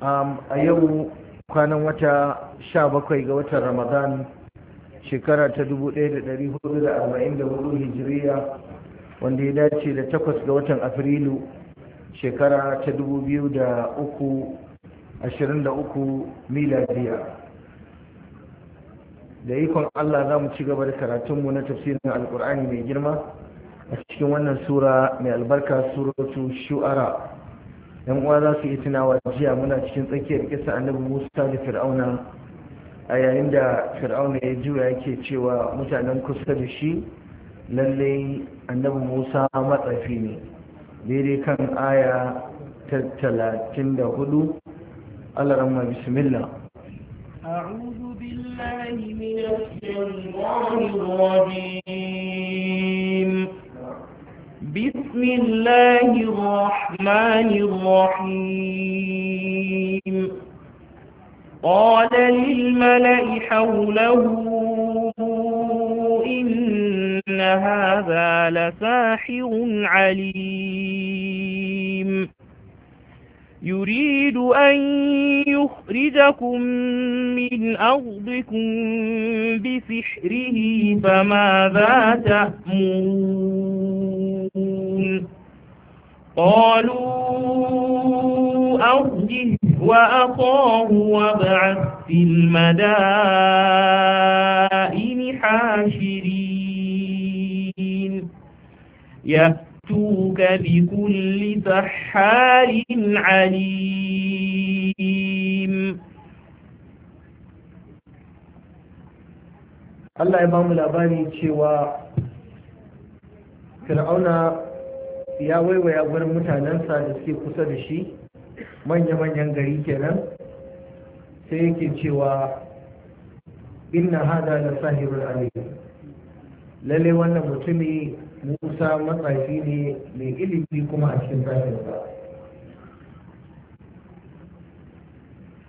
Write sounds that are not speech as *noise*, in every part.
Um, a yau kwanan wata 17 ga watan ramadan shekara ta 1444 hijiriya wanda ya dace da 8 ga watan afrilu shekara ta 2023 miladiya da ikon allah za mu ci gaba da karatunmu na tafsirin alkur'ani mai girma a cikin wannan sura mai albarka suratu shu'ara yan uwa za su yi tunawa jiya muna cikin tsakiyar kisa annabi musa da fir'auna a yayin da fir'auna ya juya yake cewa mutanen kusa da shi lallai annabi musa matsafi ne daidai kan aya ta talatin da hudu alarama bismillah أعوذ بالله من الشيطان الرجيم بسم الله الرحمن الرحيم قال للملأ حوله إن هذا لساحر عليم يريد أن يخرجكم من أرضكم بسحره فماذا تأمرون قالوا أرجه وأطاه وابعث في المدائن حاشرين يأتوك بكل سحار عليم الله إمام الأباني mu فرعون ya waiwaya bar mutanensa da suke kusa da shi manya-manyan gari kenan sai yake cewa inna hada na sahirar alim lalle wannan mutumi musa matsafi ne mai ilimi kuma a cikin ba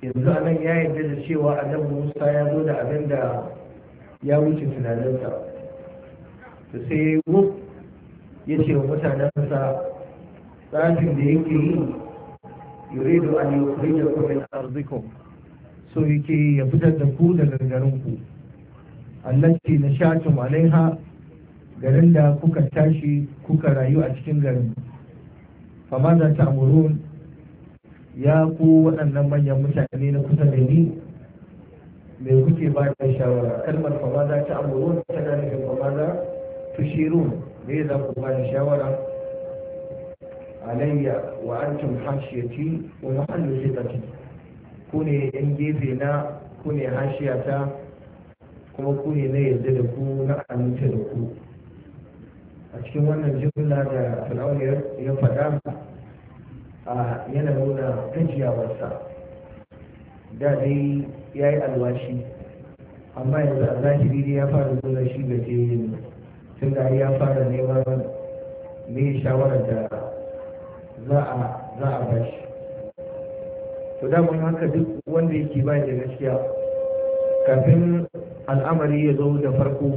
yanzu anan ya yarda da cewa annabi musa ya zo da abin da ya wuce tunaninsa da sai ya yi ya ce wa mutanensa tsafin da yake yi da yuridu an da kuma min arziko so yake ya fitar da ku daga garin ku allati nashatum alaiha garin da kuka tashi kuka rayu a cikin garin fama da ta'murun ya ku waɗannan manyan mutane na kusa da ni me kuke ba da shawara kalmar fama da tamurun tana da fama da tushirun ne za ku ba ni shawara alayya wa antum hashiyati wa mahallu sitati ku ne yan gefe na ku ne hashiyata kuma ku ne na yarda da ku na aminta da ku a cikin wannan jumla da fir'auniyar ya faɗa a yana nuna gajiyawarsa da dai ya yi alwashi amma yanzu a zahiri ya fara nuna shi gajiyayyen ne tun da ya fara neman ne shawarar da za a ba shi to daman haka duk wanda yake ba da gaskiya kafin al'amari ya zo da farko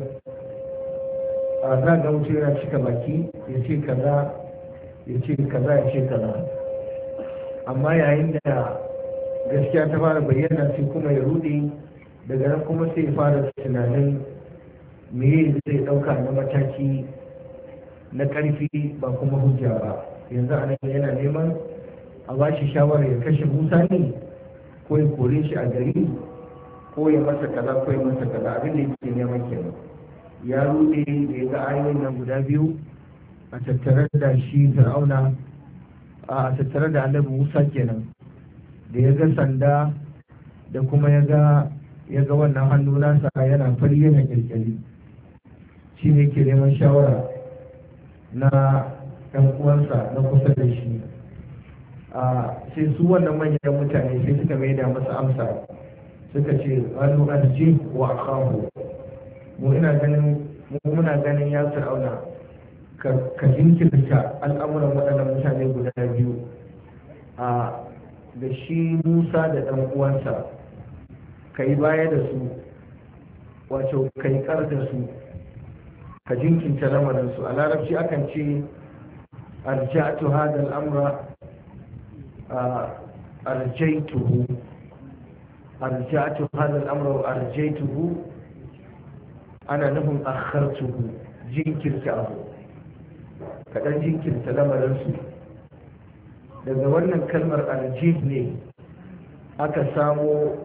a za ga wuce yana cika baki ya ce kaza ya ce kaza ya ce kaza amma yayin da gaskiya ta fara bayyana sai kuma ya rude daga nan kuma sai ya fara tunanin me zai dauka na mataki na karfi ba kuma hujja ba yanzu a nan yana neman a ba shi shawarar ya kashe musa ne ko ya kore shi a gari ko ya masa kaza ko ya masa kaza abin da yake neman kenan ya rude da ya ga ayoyin nan guda biyu a tattare da shi fir'auna a tattare da annabi musa kenan da ya ga sanda da kuma ya ga ya ga wannan hannu nasa yana fari yana kirkiri shi ne ke neman shawara na ɗan uwansa na kusa da shi sai su wannan manyan mutane sai suka mai da masa amsa suka ce wani arji wa kawo mu ina ganin mu muna ganin ya sarauna ka jinkirta al'amuran waɗannan mutane guda biyu a da shi musa da ɗan uwansa ka yi baya da su wato ka yi da su ka jinkinta lamarin a larabci akan ce arja'tu hada al'amra arjaituhu arja'tu hada al'amra wa arjaituhu ana nufin akhartuhu jinkirta abu ka jinkirta lamarin daga wannan kalmar arjih ne aka samo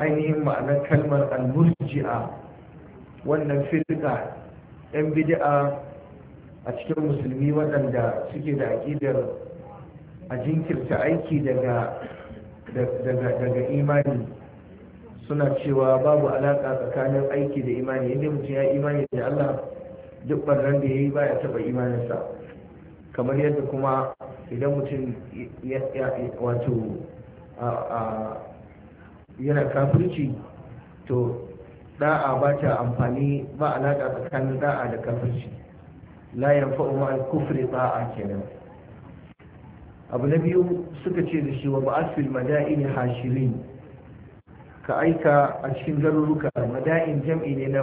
ainihin ma'anar kalmar al-murji'a wannan firka yan bid'a a cikin musulmi waɗanda suke da aƙidar a jinkirta aiki daga imani suna cewa babu alaƙa tsakanin aiki da imani inda mutum ya imani da Allah duk ɓarnar da ya yi ba ya taɓa imaninsa kamar yadda kuma idan mutum wato yana kafirci to da'a ba ta amfani ba alaƙa tsakanin da'a da kafirci la yanfa'u ma al-kufri da'a kenan abu na biyu suka ce da shi wa ba'asfil mada'in hashirin ka aika a cikin garuruka mada'in jam'i ne na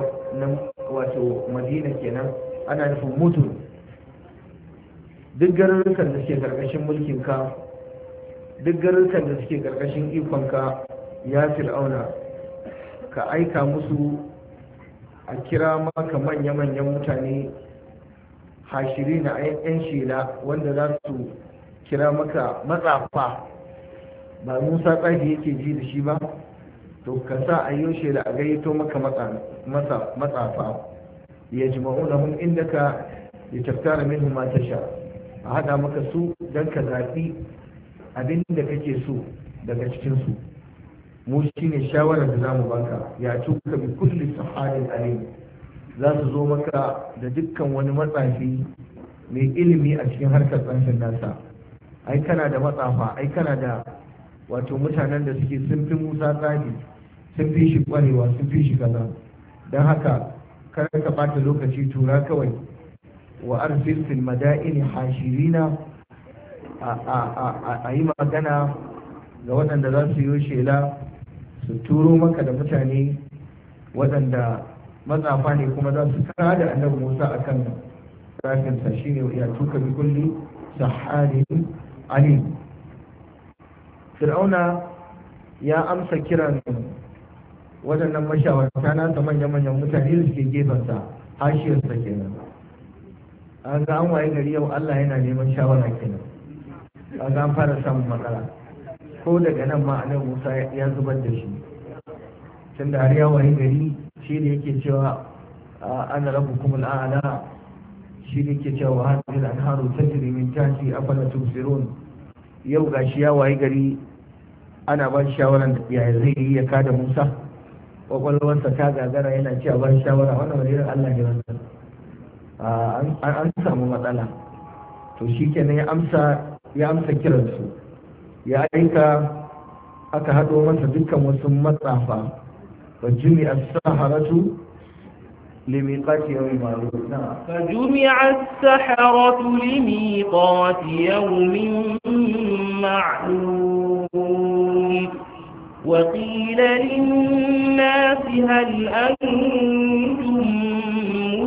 wato madina kenan ana nufin mutum duk garurukan da suke karkashin mulkinka duk garurukan da suke karkashin ikonka ya fir'auna ka aika musu a kira maka manya-manyan mutane hashiri na 'yan shela wanda za su kira maka matsafa ba musa tsafi yake ji da shi ba to ka sa a yi shela a gayyato maka matsafa ya ji mun inda ka ya taftara min mata sha a haɗa maka su don ka zaɓi abin da kake so daga cikinsu mu shine shawarar da za mu baka ya kuka bi kulli sahalin alim za su zo maka da dukkan wani matsafi mai ilimi a cikin harkar tsantsan nasa ai kana da matsafa ai kana da wato mutanen da suke sun fi musa tsari sun fi shi kwarewa sun fi shi kaza don haka kar ka bata lokaci tura kawai wa arsil fil madaini hashirina a yi magana ga waɗanda za su yi shela su turo maka da mutane waɗanda matsafa ne kuma za su tara da annabi musa a kan rafinsa shi ne ya tuka bi kulli saharin ali fir'auna ya amsa kiran waɗannan mashawarta nasa manya-manyan mutane da suke gefensa hashiyarsa kenan an ga an waye gari yau allah yana neman shawara kenan an ga an fara samun matsala ko daga nan ma anan musa ya zubar da shi tun da har wani gari shi ne yake cewa ana rabu kuma la'ala shi ne yake cewa hadin alharu ta jirimin tashi afala tubsirun yau shi ya wayi gari ana ba shawaran da yaya zai yi ya kada musa kwakwalwarsa ta gagara yana cewa ba shawara wannan wani irin allah ne wannan an samu matsala to shi kenan ya amsa kiransu yayin ka aka haɗo masa dukkan wasu matsafa فجمع السحرة لميقات يوم معلوم فجمع السحرة لميقات يوم معلوم وقيل للناس هل أنتم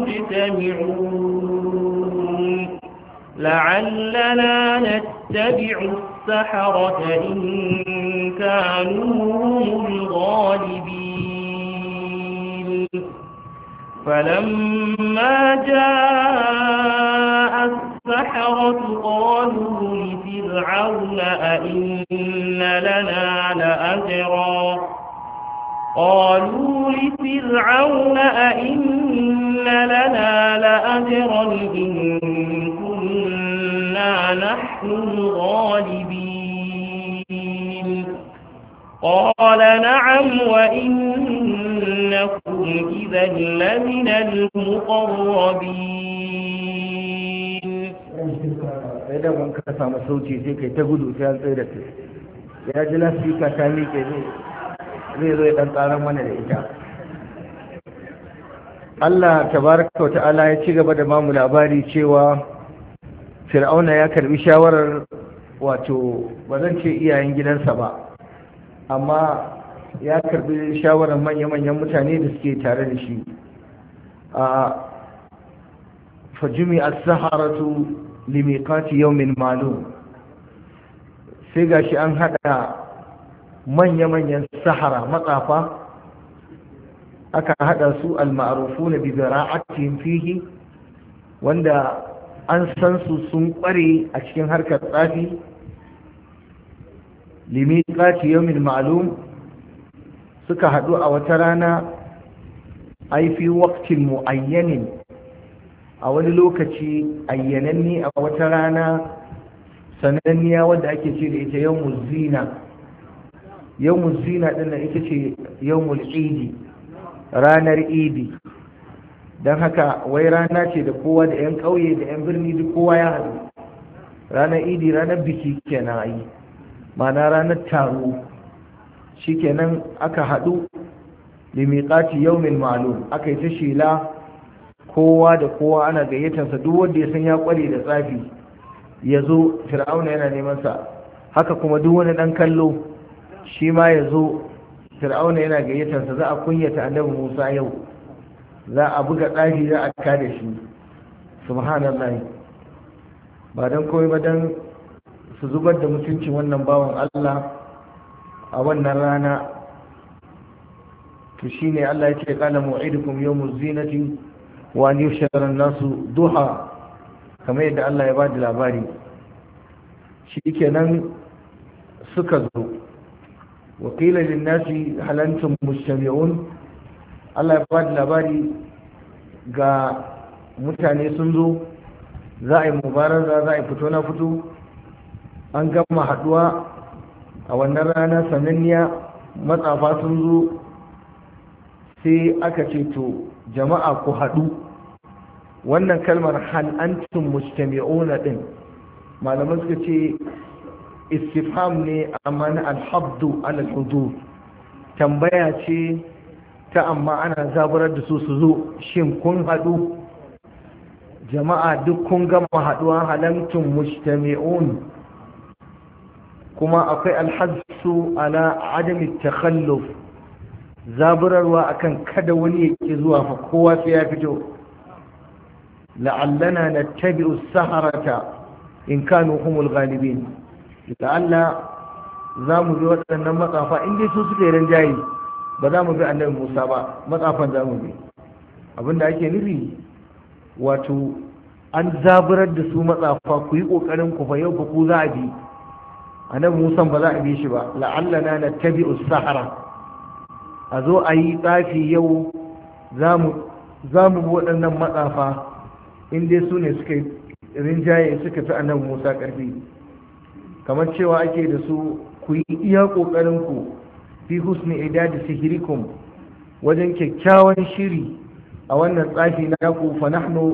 مجتمعون لعلنا نتبع السحرة إن كانوا هم الغالبين فلما جاء السحرة قالوا لفرعون أئن لنا لأجرا قالوا لفرعون أئن لنا لأجرا إن كنا إنا نحن الغالبين قال نعم وإنكم إذا لمن المقربين ka samu kai ta gudu sai an da su ya ji mana da ita Allah tabaraka wa ta'ala ya ci gaba da mamu labari cewa fir'auna ya karbi shawarar wato ba zan ce iyayen gidansa ba amma ya karbi shawarar manya-manyan mutane da suke tare da shi a fajimi as-saharatu limiqati yawmin malum sai gashi an hada manya-manyan sahara matsafa aka hada su al-ma'rufuna bi cikin fihi wanda an san su sun kware a cikin harkar tsafi limiqati yawmin ma'lum suka haɗu a wata rana aifi waktin mu mu'ayyanin a wani lokaci ayyananni a wata rana sananniya wadda ake ce da ita yawmuz zina yawmuz zina din ita ce yawmul idi ranar idi don haka wai rana ce da kowa da 'yan ƙauye da 'yan birni duk kowa ya haɗu ranar idi ranar biki kenan yi. Mana ranar taro shikenan aka haɗu yau min malu. aka yi ta shela kowa da kowa ana gayyatarsa duk wanda ya san ya kware da tsafi ya zo fir'auna yana neman sa haka kuma duk wani ɗan kallo shi ma ya zo fir'auna yana gayyatarsa za a kunyata annabi musa yau za a buga tsari za a kare shi subhanallah ba don kawai ba don su zubar da mutuncin wannan bawan Allah a wannan rana to ne Allah ya ce kala mu'idukum yawmuz zinati wa an shekarar nasu duha kamar yadda Allah ya bada labari Shi shikenan suka zo Wakilin nasi hal antum Allah ya ba da labari ga mutane sun zo za a yi mubaraza za a yi fito na fito an gama haduwa a wannan rana sananniya matsafa sun zo sai aka ce to jama'a ku haɗu wannan kalmar hal'antun ona din malaman suka ce istifam ne amma na alhabdu alhudu tambaya ce ta amma ana zaburar da su su zo shin kun haɗu jama'a duk kun gama haɗuwa halamtun mujtami'un kuma akwai alhassu ala adami takhalluf zaburarwa akan kada wani ya ƙi zuwa fa kowa sai ya fito la'allana nattabi'u saharata in kanu humul ghalibin la'alla za mu bi waɗannan matsafa in dai su suka yi jayi. ba za mu bi annabi musa ba matsafan za mu bi abinda ake nufi wato an zaburar da su matsafa ku yi ƙoƙarin ku fa yau ba ku za a bi annabi musa ba za a bi shi ba la'alla na na tabi sahara a zo a yi tsafi yau za mu bi waɗannan matsafa in dai su ne suka rinjaye suka fi annabi musa ƙarfi kamar cewa ake da su ku yi iya ƙoƙarinku fi husni idadi sihirikum wajen kyakkyawan shiri a wannan tsafi na yaku fa nahnu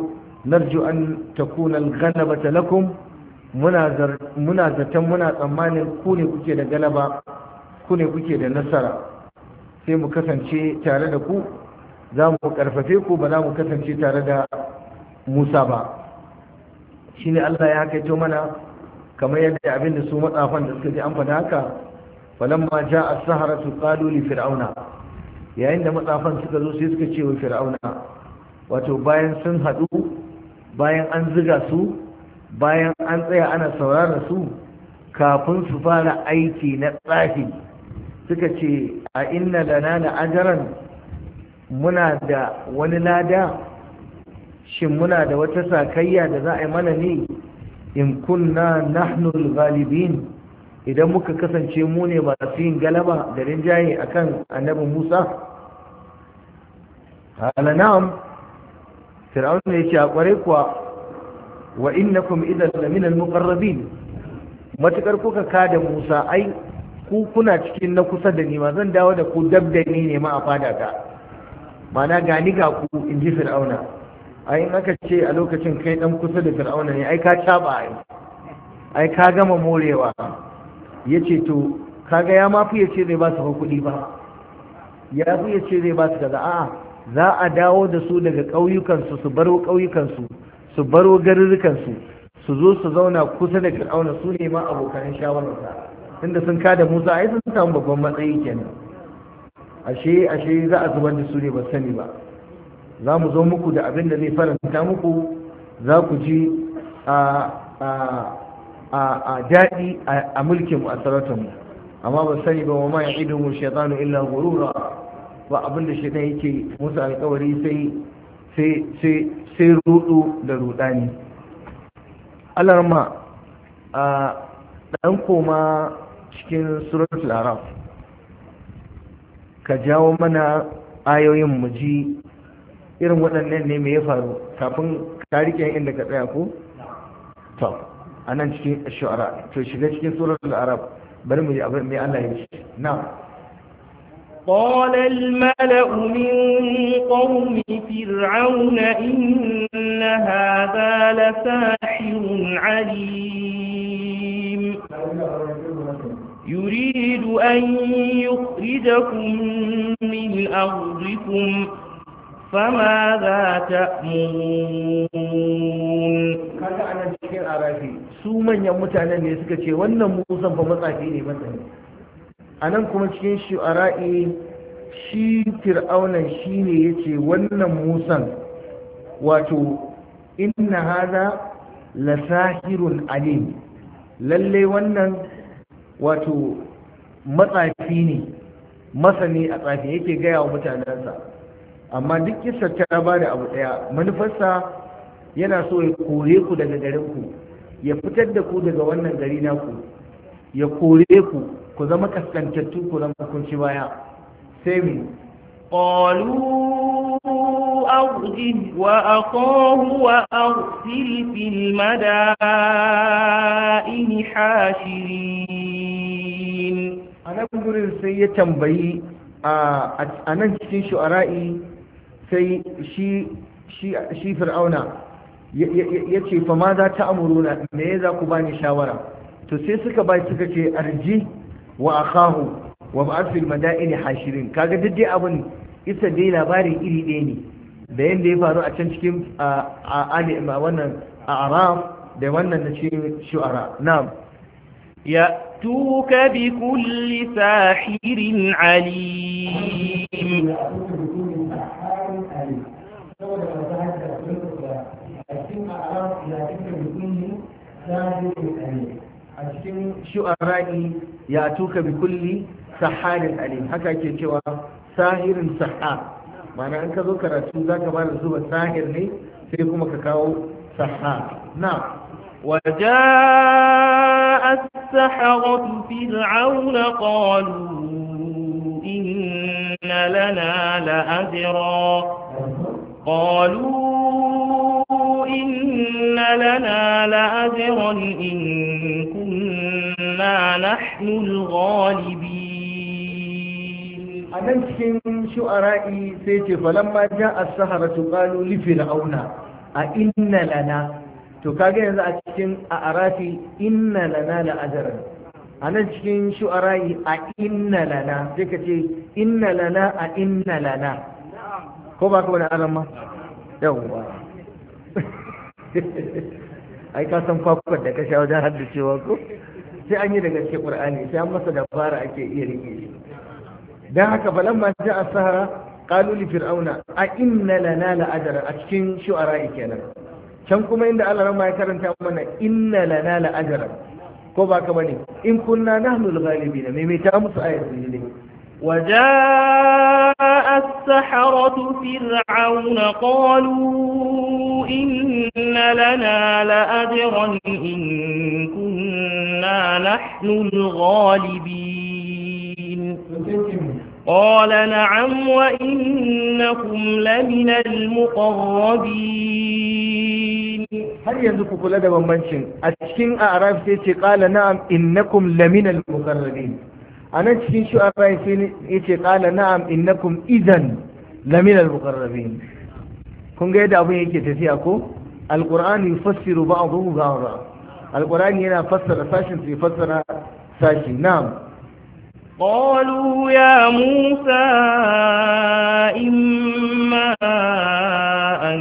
narju an takuna al ghalaba lakum muna zaton muna tsammanin ku ne kuke da galaba ku ne kuke da nasara sai mu kasance tare da ku za mu karfafe ku ba za mu kasance tare da musa ba shine allah ya haka mana kamar yadda abinda su matsafan da suka ji an faɗa haka falamma ja'a as-saharatu qalu li fir'auna yayin da matsafan suka zo sai suka ce wa fir'auna wato bayan sun hadu bayan an ziga su bayan an tsaya ana saurara su kafin su fara aiki na tsafi suka ce a inna lana na ajaran muna da wani lada shin muna da wata sakayya da za a yi mana ne in kunna nahnul galibin idan muka kasance mu ne masu yin galaba da rinjaye akan annabi Musa ala na'am fir'aun ya ce a kware kuwa wa kuma idan laminan al matukar kuka ka da Musa ai ku kuna cikin na kusa da nima, zan dawo da ku dab da ni ne ma a fada ta mana gani ga ku in ji fir'auna ai in aka ce a lokacin kai dan kusa da fir'auna ne ai ka caba ai ai ka gama morewa ya ce to kaga ya mafi ya ce zai ba su kuɗi ba ya fi ya ce zai ba su gaza a'a za a dawo da su daga ƙauyukansu su baro ƙauyukansu su baro garurrukansu su zo su zauna kusa da fir'auna su ne ma abokan shawararsa inda sun kada musa ai sun samu babban matsayi kenan ashe ashe za a zubar da su ne ba sani ba za mu zo muku da abin da zai faranta muku za ku ji a a daɗi a mulkin mu a sarautar mu amma ba sani ba wa ma ya'idu mu shaytanu illa ghurura ba abin da shaytan yake musu alƙawari sai sai sai rudu da rudani Allah rama a dan koma cikin suratul araf ka jawo mana ayoyin mu ji irin waɗannan ne me ya faru kafin ka rike inda ka tsaya ko to a nan cikin shu'ara to shiga cikin surar al'arab bari mu yi abin mai Allah ya ce na قال الملأ من قوم فرعون إن هذا لساحر عليم يريد أن يخرجكم من أرضكم فماذا تأمون kaga anan cikin arafi su manyan mutanen ne suka ce wannan musan fa matsafi ne matsafi anan kuma cikin shu'ara'i shi fir'aunan ya yace wannan musan wato inna hada la sahirun alim lalle wannan wato matsafi ne masani a tsafi yake gaya wa mutanensa amma duk kisar ta ba da abu ɗaya manufarsa yana so ya kore ku daga ku ya fitar da ku daga wannan gari naku ya kore ku ku zama kaskantattu ku zama kunci baya sai mu qalu wa وأخاه fil madain hashirin حاشرين أنا sai ya tambayi a nan cikin shu'ara'i sai shi fir'auna ya ce fa ma za ta amuruna me za ku bani shawara to sai suka bai suka ce arji wa akahu wa ba'at fil madaini hashirin kaga duk dai abin isa dai labarin iri ɗaya ne da yanda ya faru a can cikin a wannan a'raf da wannan na cikin shu'ara na'am يأتوك بكل ساحر عليم ne saboda ba za ka da ba a cikin a'ara ya kike mutum za da ne a cikin shu'ara'i ya tuka bi kulli saharin alim haka ke cewa sahirin saha ma'ana in ka zo karatu za ka bada zuba sahir ne sai kuma ka kawo saha na وجاء السحرة فرعون قالوا إن إن لنا لأجرا قالوا إن لنا لأجرا إن كنا نحن الغالبين أنا شؤرائي سيتي فلما جاء السهرة قالوا لفرعون أئن لنا تكاجي إذا أتشن أعرافي إن لنا لأجرا a nan cikin shu'ara'i a inna lana sai ka ce inna lana a inna lana ko ba ka wani alam ma yawwa *laughs* ai ka san kwakwar da ka sha wajen cewa ko sai an yi daga cikin qur'ani sai an masa dabara ake iya rike shi dan haka falamma a sahara qalu li fir'auna a inna lana la ajra a cikin shu'ara'i kenan can kuma inda Allah ya karanta mana inna lana la ajra ko ba ka bane in kunna nahnu al-ghalibin ne. me ta musu ayatin ne وجاء السحرة فرعون قالوا إن لنا لأجرا إن كنا نحن قال نعم وإنكم لمن المقربين هل ينزل كل هذا بمبنشن أتشكين أعراف سيتي قال نعم إنكم لمن المقربين أنا تشكين شو أعراف سيتي قال نعم إنكم إذن لمن المقربين kun ga yadda abin yake tafiya ko alkur'ani yufassiru ba'dahu ba'dha alkur'ani yana fassara sashin su fassara sashi na'am قالوا يا موسى إما أن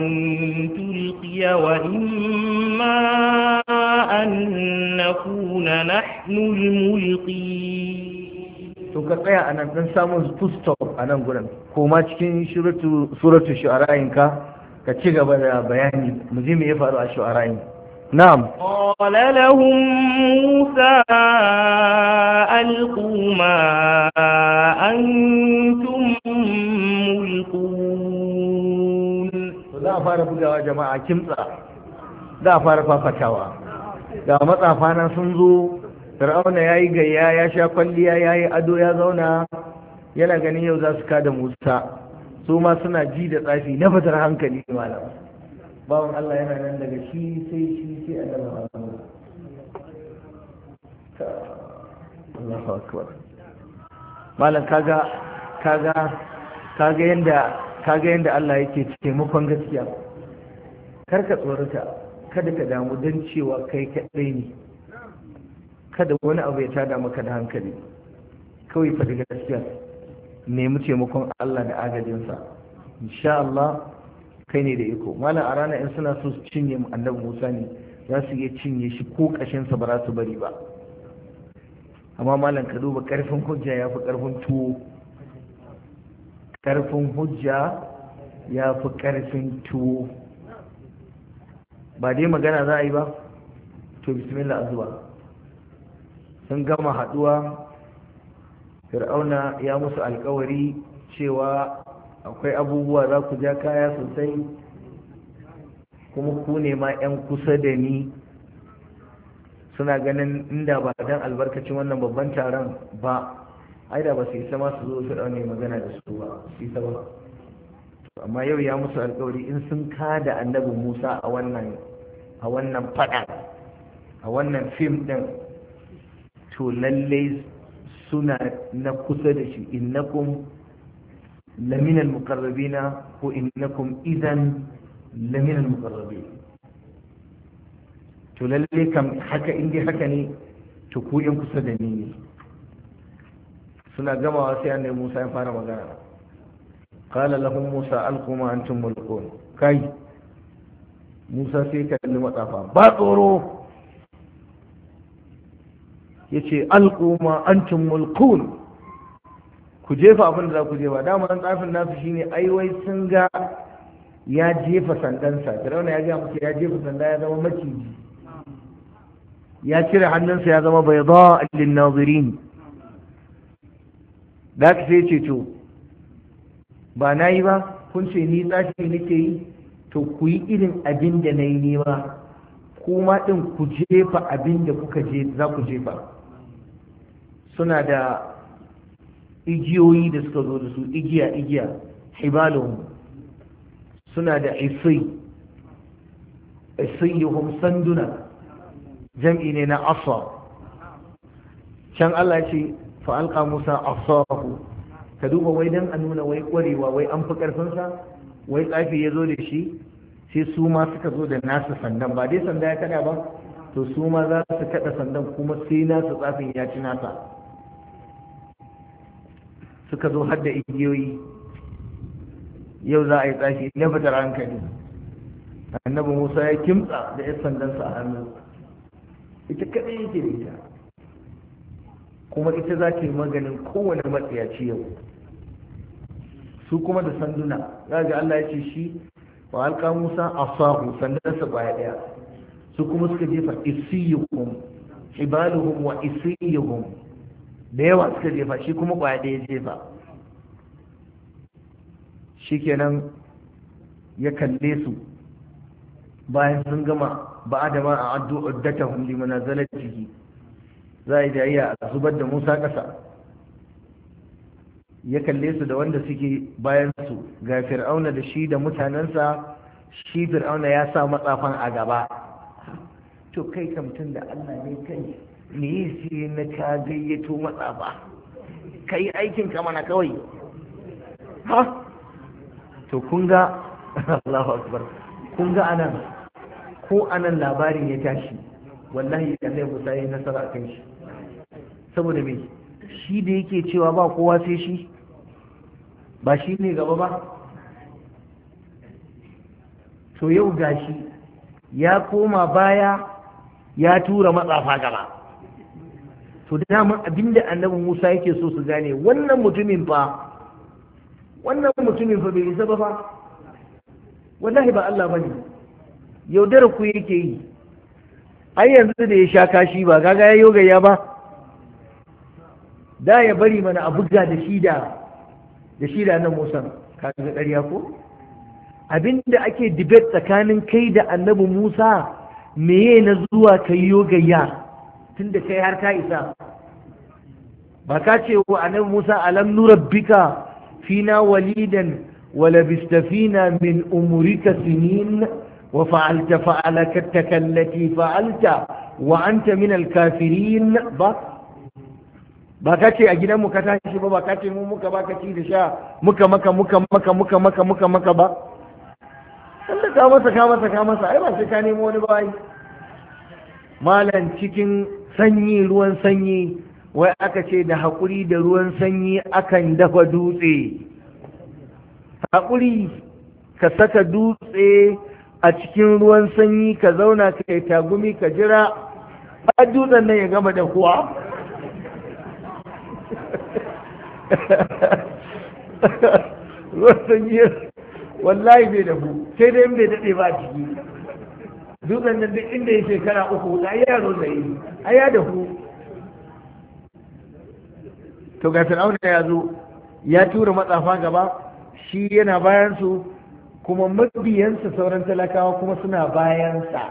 تلقي وإما أن نكون نحن الملقين to ka tsaya a nan don samun full a nan gudan koma cikin suratu shu'ara'inka ka ci gaba da bayani mu ji ya faru a shu'ara'inka نعم قال لهم موسى ألقوا ما أنتم za a fara bugawa jama'a kimtsa za a fara fafatawa ga matsafa nan sun zo fir'auna ya yi gayya ya sha kwalliya ya yi ado ya zauna yana ganin yau za su kada musa su suna ji da tsafi na fitar hankali malam bawan Allah yana nan daga shi sai shi sai a dama Allahu akbar malam kaga kaga kaga yanda kaga yanda Allah yake taimakon gaskiya karka tsorata kada ka damu don cewa kai kaɗai ne kada wani abu ya tada maka da hankali kawai da gaskiya nemi taimakon Allah da agajinsa insha Allah kai ne da iko malam a ranar in suna so su cinye annabi musa ne za su iya cinye shi ko ƙashinsa ba za su bari ba amma malam ka duba ƙarfin hujja ya fi ƙarfin tuwo ƙarfin hujja ya fi ƙarfin tuwo ba dai magana za a yi ba to bismillah azuwa sun gama haɗuwa fir'auna ya musu alkawari cewa akwai abubuwa za ku ja kaya sosai kuma ku ne ma 'yan kusa da ni suna ganin inda ba dan albarkacin wannan babban taron ba ai da ba su isa ma su zo su ɗaune magana da su ba su isa ba amma yau ya musu alkawari in sun da annabi musa a wannan a fada a wannan fim ɗin to lallai suna na kusa da shi innakum لمن المقربين وإنكم إذا لمن المقربين تلالي كم حكى إندي حكني تكوي أنكو سدنيني سنة جمع سيان موسى ينفار مغانا قال لهم موسى ألقوا ما أنتم ملقون كي موسى سيكا لمطافا باطورو ya ce alƙuma an mulkun ku jefa abin da za ku jefa dama ran tsafin nasu shine ai wai sun ga ya jefa sandansa firauna ya ga muke ya jefa sanda ya zama maciji ya cire hannunsa ya zama bai a lin nazirin da ka sai ce to ba na yi ba kun ce ni tsafi nake yi to ku yi irin abin da na yi ne ba kuma ɗin ku jefa abin da kuka je za ku jefa suna da igiyoyi da suka zo da su igiya igiya hibalun suna da isai isayyuhum sanduna jam'i ne na asa can Allah ce fa'alƙa musa asahu ka duba wai don a nuna wai ƙwarewa wai an fi ƙarfinsa wai tsafi ya zo da shi sai su ma suka zo da nasu sandan ba dai sanda ya kada ba to su ma za su kada sandan kuma sai nasu tsafin ya ci nasa suka zo hadda igiyoyi yau za a yi tsaki na fitar hankali annabi musa ya kimtsa da yan sandansa a hannu ita kaɗai yake da ita kuma ita za ta yi maganin kowane matsayaci yau su kuma da sanduna za ga allah ya ce shi wa alƙa musa a sahu sandansa baya ɗaya su kuma suka jefa isiyuhum ibaluhum wa isiyuhum da yawa suka jefa shi kuma kwaya ɗaya jefa shi kenan ya kalle su bayan sun gama ba a dama a addu'addata hundi zalar jiki za a yi jayayya a zubar da musa ƙasa ya kalle su da wanda suke bayan su ga fir'auna da shi da mutanensa shi fir'auna ya sa matsafan a gaba to kai kamtun da allah ne kai me yasi na ta gayyato matsafa ka yi aikin mana kawai ha to kun ga *laughs* Allahu akbar kun ga anan ko anan labarin ya tashi wallahi Allah Musa yi nasara kan shi saboda me shi da yake cewa ba kowa sai shi ba shi ne gaba ba to yau gashi ya koma baya ya tura matsafa gaba to dama abinda annabi Musa yake so su gane wannan mutumin fa wannan mutumin fa bai isa ba fa wallahi ba Allah bane yaudara ku yake yi ai yanzu da ya sha kashi ba gaga ya yogaya ba da ya bari mana a buga da shida da shida nan Musa ga ƙarya ko abinda ake debate tsakanin kai da annabi Musa meye na zuwa kai yogaya tun da kai har ka isa ba ka ce wa annabi Musa alam nurabbika fina walidan wa labista fina min umurika sinin wa fa'alta fa'alakattaka allati fa'alta wa anta min alkafirin ba ba ka ce a gidanmu ka tashi ba ba ka ce mu muka ba ka ci da sha muka maka muka maka muka maka muka maka ba Allah ka masa ka masa ka masa ai ba sai ka nemo wani ba ai malam cikin sanyi ruwan sanyi wai aka ce da haƙuri da ruwan sanyi akan dafa dutse haƙuri ka saka dutse a cikin ruwan sanyi ka zauna ka yi tagumi ka jira a dutsen nan ya gama da kuwa *laughs* ruwan sanyi wallahi bai dafu, sai dai bai daɗe ba a ciki dutsen nan duk inda ya shekara uku da yaro da yi a ya ku. to ga fir'auna ya zo ya tura matsafa gaba shi yana bayan su, kuma mabiyansa sauran talakawa kuma suna bayansa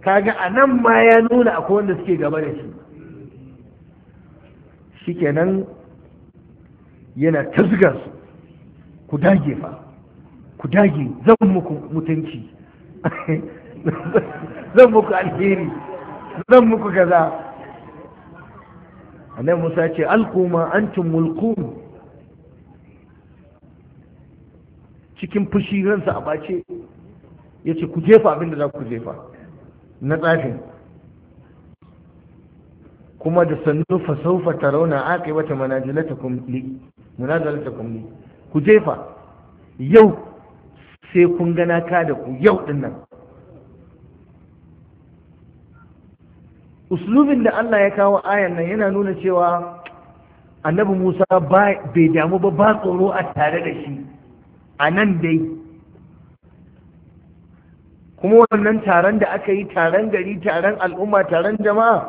kaga a nan ma ya nuna a wanda suke gaba da shi shikenan yana su ku dage fa ku dage zan muku mutunci *laughs* zan muku alheri zan muku kaza annabi Musa ce alquma antum mulqun cikin fushi ransa a bace yace ku jefa abin da za ku jefa na tsafin kuma da sannu fa saufa tarawna aqibata manazilatakum li munazalatakum li ku jefa yau sai kun gana ka da ku yau din nan uslubin da Allah ya kawo ayan nan yana nuna cewa annabi Musa bai damu ba ba tsoro a tare da shi a nan dai kuma wannan taron da aka yi taron gari taron al'umma taron jama'a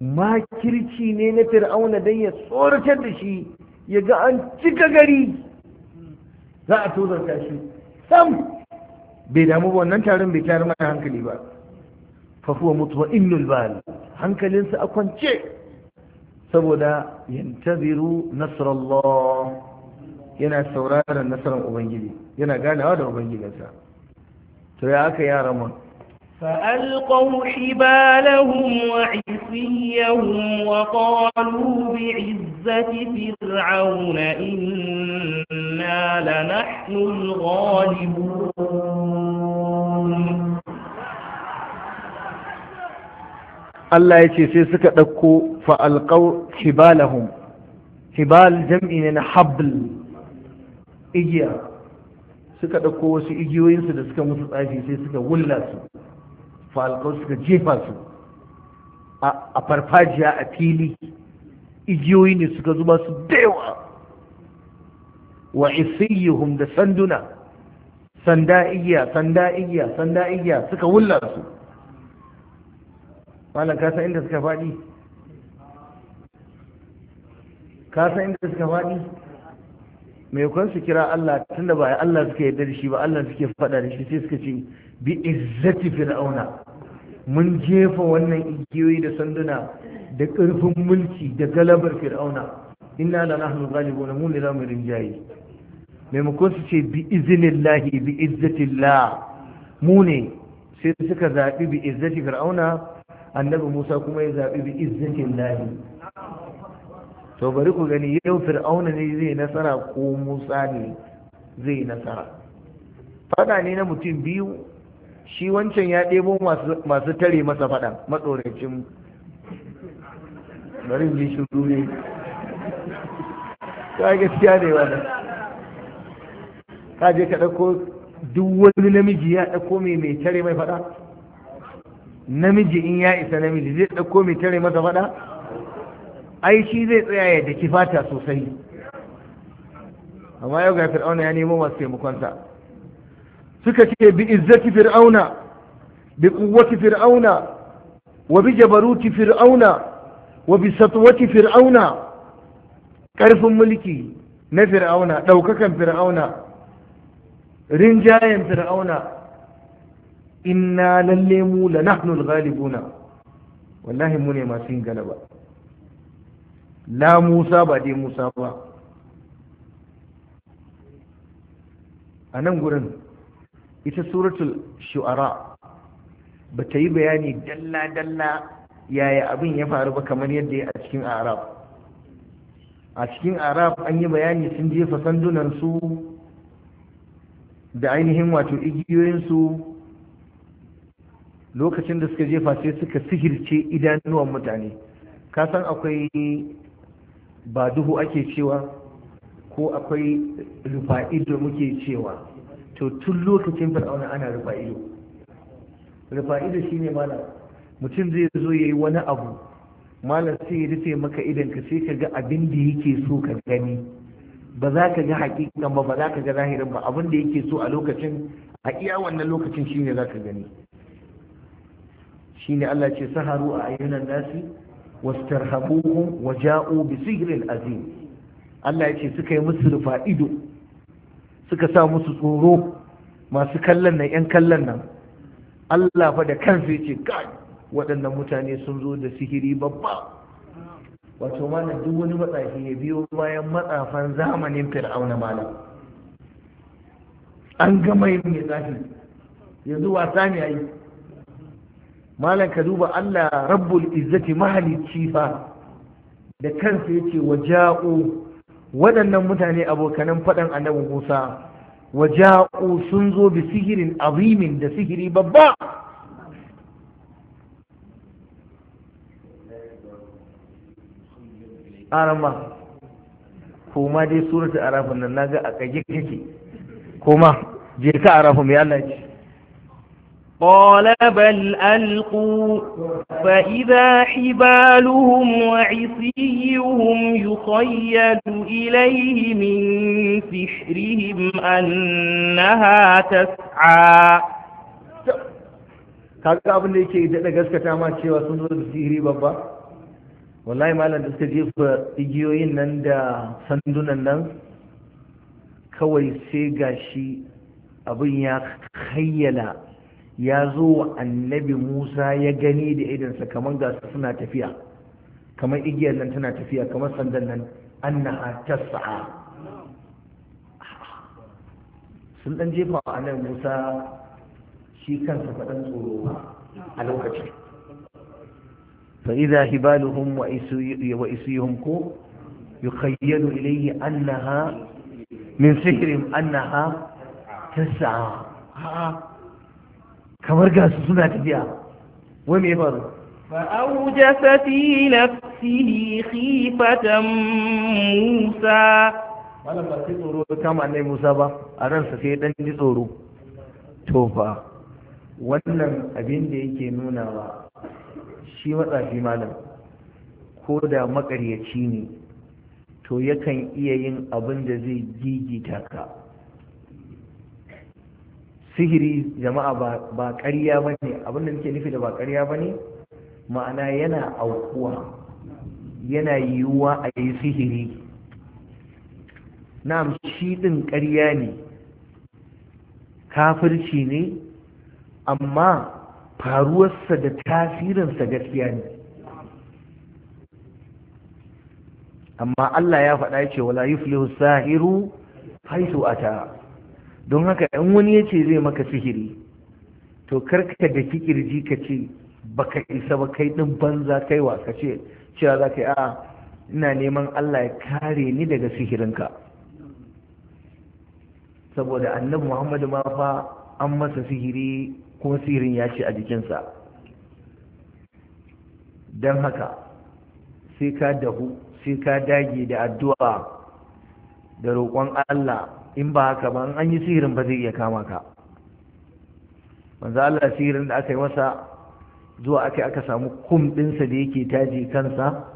makirci ne na fir'auna don ya tsoratar da shi ya ga an cika gari za a tozarta shi sam bai damu ba wannan taron bai tayar mana hankali ba fa huwa mutma'innul bal hankalinsa a kwance saboda yantaziru nasrallah yana sauraron nasarar ubangiji yana ganawa da ubangijinsa to ya aka yara mun فألقوا حبالهم وعصيهم وقالوا بعزة فرعون إنا لنحن الغالبون Allah ya ce sai suka ɗauko fa'alƙau hibalahum hibal jam'i ne na habl igiya suka ɗauko wasu igiyoyinsu da suka musu tsafi sai suka wulla su fa'alƙau suka jefa su a farfajiya a fili igiyoyi ne suka zuba su da wa isiyyuhum da sanduna sanda igiya sanda igiya sanda igiya suka wulla su malam ka inda suka faɗi ka san inda suka faɗi mai kwan su kira Allah tunda ba Allah suka yarda da shi ba Allah suke faɗa da shi sai suka ce bi izzati fir'auna mun jefa wannan igiyoyi da sanduna da ƙarfin mulki da galabar fir'auna inna la nahnu ghalibun mun ne zamu rinjaye maimakon su ce bi iznillahi bi izzatillah mu ne sai suka zaɓi bi izzati fir'auna annabi Musa kuma ya zaɓi bi izinin lahi to bari ku gani yau fir'auna ne zai nasara ko Musa ne zai nasara fada ne na mutum biyu shi wancan ya ɗebo masu tare masa fada matsoracin bari ji shuru ne ka gaskiya ne wani ka je ka ɗauko duk wani namiji ya ɗauko mai mai tare mai faɗa namiji in ya isa namiji zai ɗauko mai tare masa faɗa ai shi zai tsaya ya daki fata sosai amma yau ga fir'auna ya nemo masu taimakonta suka ce bi izzati fir'auna bi quwwati fir'auna wa bi jabaruti fir'auna wa bi satwati fir'auna karfin mulki na fir'auna ɗaukakan fir'auna rinjayen fir'auna inna lalle mu la nahnul ghalibuna wallahi mu ne masu yin galaba la musa ba dai musa ba a nan gurin ita suratul shu'ara ba ta yi bayani dalla-dalla yaya abin ya faru ba kamar yadda ya a cikin arab a cikin arab an yi bayani sun jefa sandunan su da ainihin wato igiyoyinsu lokacin da suka jefa sai suka sihirce idanuwan mutane ka san akwai ba duhu ake cewa ko akwai rufa ido muke cewa to tun lokacin fir'auna ana rufa ido rufa ido shine malam mutum zai zo ya yi wani abu malam sai ya rufe maka idan ka sai ka ga abin da yake so ka gani ba za ka ga hakikan ba ba za ka ga zahirin ba abin da yake so a lokacin a iya wannan lokacin shine za ka gani shine Allah ce saharu a ayyunan nasi wastarhabuhum wa ja'u bi sihrin azim Allah ya ce suka yi musu rufa ido suka sa musu tsoro masu kallon nan yan kallon nan Allah fa da kansa ya ce kai waɗannan mutane sun zo da sihiri babba wato mana duk wani matsafi ya biyo bayan matsafan zamanin fir'auna malam an gama yin mai zafi yanzu wasa ne a yi malam ka duba Allah rabbul izzati mahalicci fa da kansa yace wa ja'u waɗannan mutane abokanan faɗan annabi Musa wa ja'u sun zo bi sihirin azimin da sihiri babba arama koma dai suratul arafin nan naga a kage kake koma je ka arafu mai Allah ce قال بل ألقوا فإذا حبالهم وعصيهم يخيل إليه من سحرهم أنها تسعى kaga abin da yake daɗa gaskata ma cewa sun zo da sihiri babba wallahi malam da suka jefa igiyoyin nan da sandunan nan kawai sai gashi abin ya kayyala ya zo wa annabi musa ya gani da idansa kamar ga suna tafiya kamar igiyar nan tana tafiya kamar sandan nan annaha tas'a sun dan jefa wa annabi musa shi kansa faɗan tsoro a lokacin فإذا هبالهم وإسيهم كو يخيل إليه أنها من سحرهم أنها تسعى kamar gasu suna tafiya wai me faru فأوجس في نفسه خيفة Musa. malam ba sai tsoro kama annai Musa ba a ransa sai dan ji tsoro to fa wannan abin da yake nuna wa shi matsafi malam ko da makaryaci ne to yakan iya yin abin da zai gigita ka sihiri jama'a ba ƙarya ba ne abinda muke nufi da ba ƙarya ba ne ma'ana yana aukuwa yana yiwuwa a yi sihiri na'am shi ɗin ƙarya ne kafirci ne amma faruwarsa da tasirinsa gaskiya ne amma Allah ya faɗa ce wala yuflihu sahiru a ata don haka in wani ya ce zai maka sihiri to karka da kirji ka ce baka isa ba kai din banza kai wa ka ce cewa za ka yi a ina neman Allah ya kare ni daga sihirinka saboda annabi Muhammadu ma fa an masa sihiri kuma sihirin ya ce a jikinsa don haka sai ka dahu sai ka dage da addu'a da roƙon Allah in ba haka ba an yi sihirin ba zai iya kama ka manzo Allah sihirin da aka yi masa zuwa aka aka samu kum ɗinsa da yake taji kansa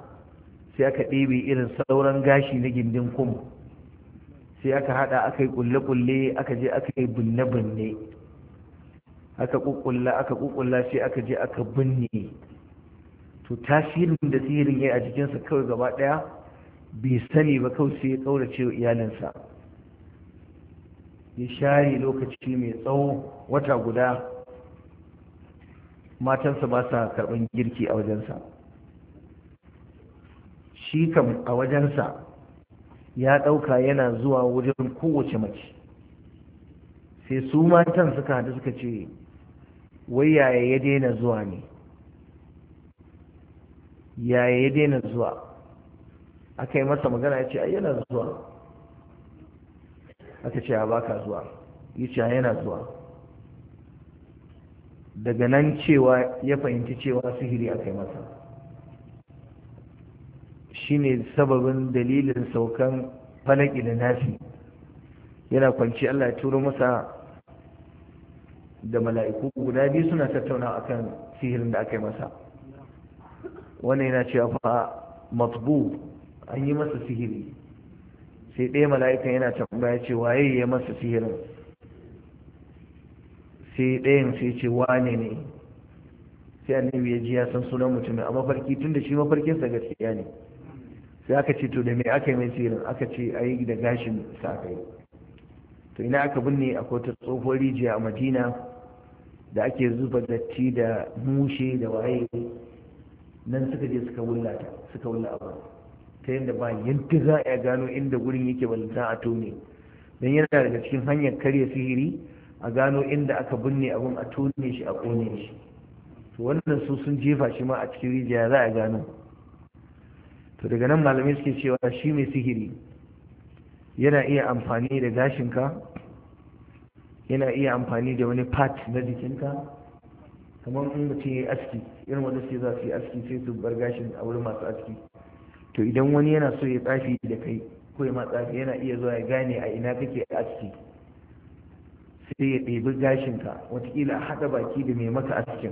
sai aka ɗebe irin sauran gashi na gindin kum sai aka haɗa aka yi ƙulle-ƙulle aka je aka yi binne-binne aka ƙuƙulla aka ƙuƙulla sai aka je aka binne to tasirin da sihirin ya yi a jikinsa kawai gaba ɗaya bai sani ba kawai sai ya kaurace wa iyalinsa ya share lokaci mai tsawo wata guda matansa ba sa karɓar girki a wajensa shi kam a wajensa ya ɗauka yana zuwa wajen kowace mace sai su matan suka hadu suka ce wai yaya ya daina zuwa ne yaya ya daina zuwa aka yi masa magana ya ce ai yana zuwa aka ce a baka zuwa ya ce yana zuwa daga nan cewa ya fahimci cewa sihiri aka yi masa ne sababin dalilin saukan falaki da nasi yana kwanci Allah ya turo masa da mala'iku guda biyu suna tattauna akan sihirin da aka yi masa wannan yana cewa fa matbu an yi masa sihiri sai ɗaya mala'ikan yana tambaya ce waye ya masa sihirin sai ɗayan sai ce wane ne sai annabi ya ji ya san sunan mutumin a mafarki tun da shi mafarkinsa gaskiya ne sai aka ce to da me aka yi mai sihirin aka ce a yi da gashin sa aka yi to ina aka binne a kotar tsohuwar rijiya a madina da ake zuba datti da mushe da waye nan suka je suka ta suka wulla abu ta yadda ba yadda za a gano inda gurin yake balanta a tone don yana daga cikin hanyar karya sihiri a gano inda aka binne abun a tone shi a kone shi to wannan su sun jefa shi ma a cikin rijiya za a gano to daga nan malamai suke cewa shi mai sihiri yana iya amfani da gashinka yana iya amfani da wani part na jikinka kamar in mutum ya yi aski irin wanda sai za su yi aski sai su bar gashin a wurin masu aski to idan wani yana so ya tsafi da kai ko ya matsa yana iya zuwa ya gane a ina kake aski sai ya ɗebi gashinka watakila a haɗa baki da mai maka askin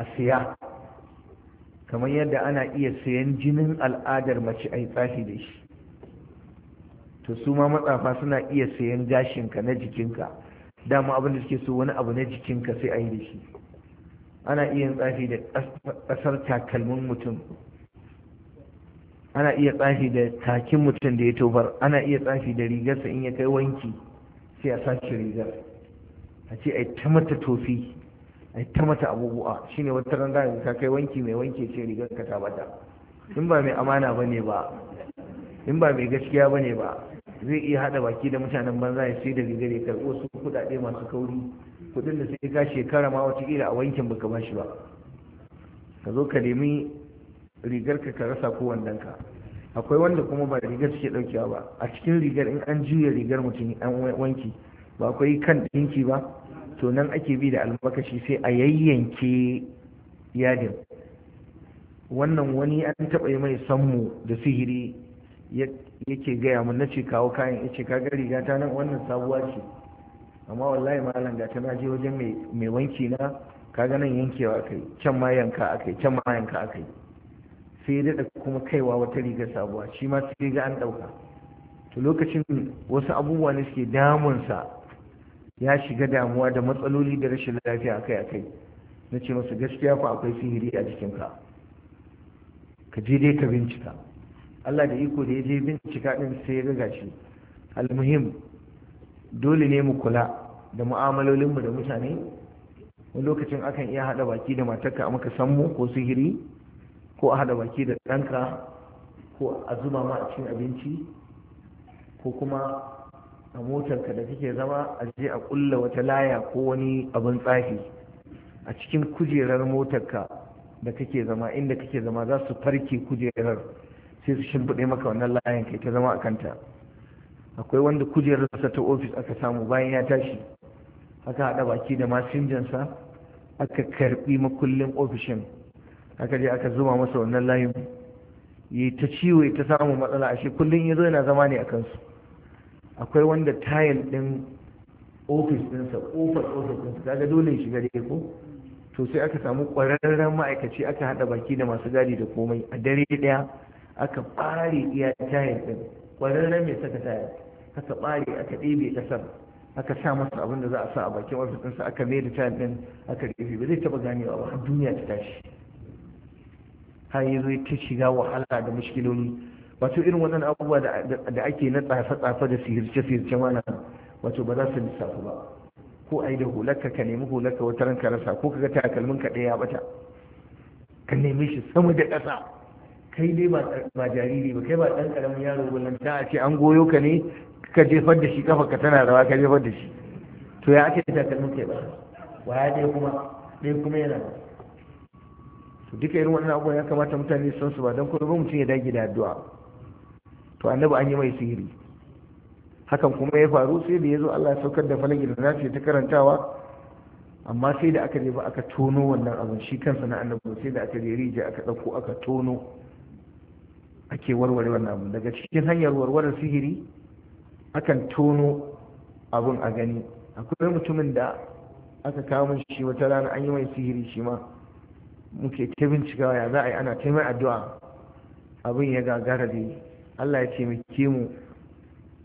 a siya kamar yadda ana iya sayan jinin al'adar mace a yi tsafi da shi to su ma matsafa suna iya sayan gashinka na jikinka dama abin da suke so wani abu na jikinka sai a yi da shi ana iya tsafi da ƙasar takalmin mutum ana iya tsafi da takin mutum da ya tobar ana iya tsafi da rigarsa in ya kai wanki sai a sace rigar a ce a ta mata tofi a ta mata abubuwa shine wata ranga da ka kai wanki mai wanke ce rigar ka tabata in ba mai amana ba ne ba in ba mai gaskiya ba ne ba zai iya hada baki da mutanen banza ya sai da rigar ya karbo su kuɗaɗe masu kauri kuɗin da sai ka shekara ma wata a wankin baka shi ba ka zo ka nemi rigar ka rasa ko wandonka akwai wanda kuma ba rigar suke daukewa ba a cikin rigar in an juya rigar mutum an wanki ba akwai kan dinki ba to nan ake bi da almakashi sai a yayyanke yadin wannan wani an taba yi mai sammu da sihiri yake gaya mun ce kawo kayan yace kaga riga ta nan wannan sabuwa ce amma wallahi malam ga ta naje wajen mai wanki na kaga nan yankewa kai can ma yanka akai can ma yanka akai sai ya daɗa kuma kaiwa wata riga sabuwa shi ma sai ga an ɗauka to lokacin wasu abubuwa ne suke damunsa ya shiga damuwa da matsaloli da rashin lafiya akai akai na ce masa gaskiya ku akwai sihiri a jikinka ka je dai ka bincika Allah da iko da ya je bincika din sai ya gaga shi almuhim dole ne mu kula da mu'amalolinmu da mutane wani lokacin akan iya haɗa baki da matarka a san mu ko sihiri ko a haɗa baki da ɗanka ko a zuba ma a cin abinci ko kuma a motarka da kake zama a je a ƙulla wata laya ko wani abin tsafi a cikin kujerar motarka da kake zama inda kake zama za su farke kujerar sai su shimfiɗe maka wannan layan kai ta zama a kanta akwai wanda kujerarsa ta ofis aka samu bayan ya tashi aka haɗa baki da masinjansa aka karɓi makullin ofishin aka je aka zuma masa wannan layin yi ta ciwo ta samu matsala ashe kullum ya zo yana zama ne a kansu akwai wanda tayin ɗin ofis ɗinsa ƙofar ofis ɗinsa kaga dole ya shiga ko to sai aka samu ƙwararren ma'aikaci aka haɗa baki da masu gadi da komai a dare ɗaya aka ɓare iya tayin ɗin ƙwararren mai saka tayin aka ɓare aka ɗebe ƙasar aka sa masa abin da za a sa a bakin ofis ɗinsa aka mai da tayin ɗin aka rufe ba zai taɓa ganewa ba har duniya ta tashi har yi zai ta shiga wahala da mushkiloli wato irin wannan abubuwa da ake na tsafe-tsafe da sihirce-sihirce mana wato ba za su lissafi ba ko a yi da hularka ka nemi hularka wata ranka rasa ko ka ga takalmin ka ɗaya bata ka nemi shi sama da ƙasa kai ne ba jariri ba kai ba ɗan ƙaramin yaro wannan ta a ce an goyo ka ne ka jefar da shi kafa ka tana rawa ka jefar da shi to ya ake takalmin kai ba waya ɗaya kuma ɗaya kuma yana ba to duka irin wannan abubuwan ya kamata mutane san su ba don kuma mutum ya dage da addu'a to annabi an yi mai sihiri hakan kuma ya faru sai da ya zo Allah ya saukar da falaki da nafi ta karantawa amma sai da aka je ba aka tono wannan abin shi kansa na annabi sai da aka je rija aka ɗauko aka tono ake warware wannan abin daga cikin hanyar warware sihiri akan tono abin a gani akwai mutumin da aka kawo shi wata rana an yi mai sihiri shi ma muke ta bincika ya za a yi ana taimai addu'a abin ya gagara da Allah ya taimake mu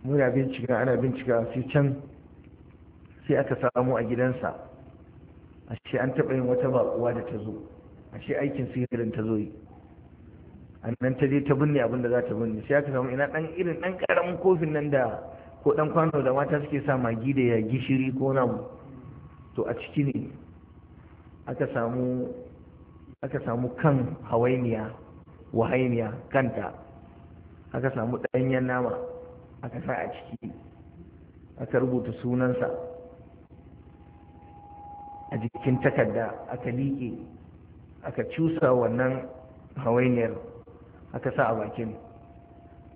muna bincika ana bincika sai can sai aka samu a gidansa ashe an taɓa yin wata baƙuwa da ta zo ashe aikin sihirin ta zo yi nan ta je ta binne abin da za ta binne sai aka samu ina ɗan irin ɗan ƙaramin kofin nan da ko ɗan kwano da mata suke sa magi da ya gishiri ko na to a ciki ne aka samu aka samu kan hawainiya wahainiya kanta aka samu ɗanyen nama aka sa a ciki aka rubuta sunansa a jikin takarda aka liƙe aka cusa wannan hawainiyar aka sa a bakin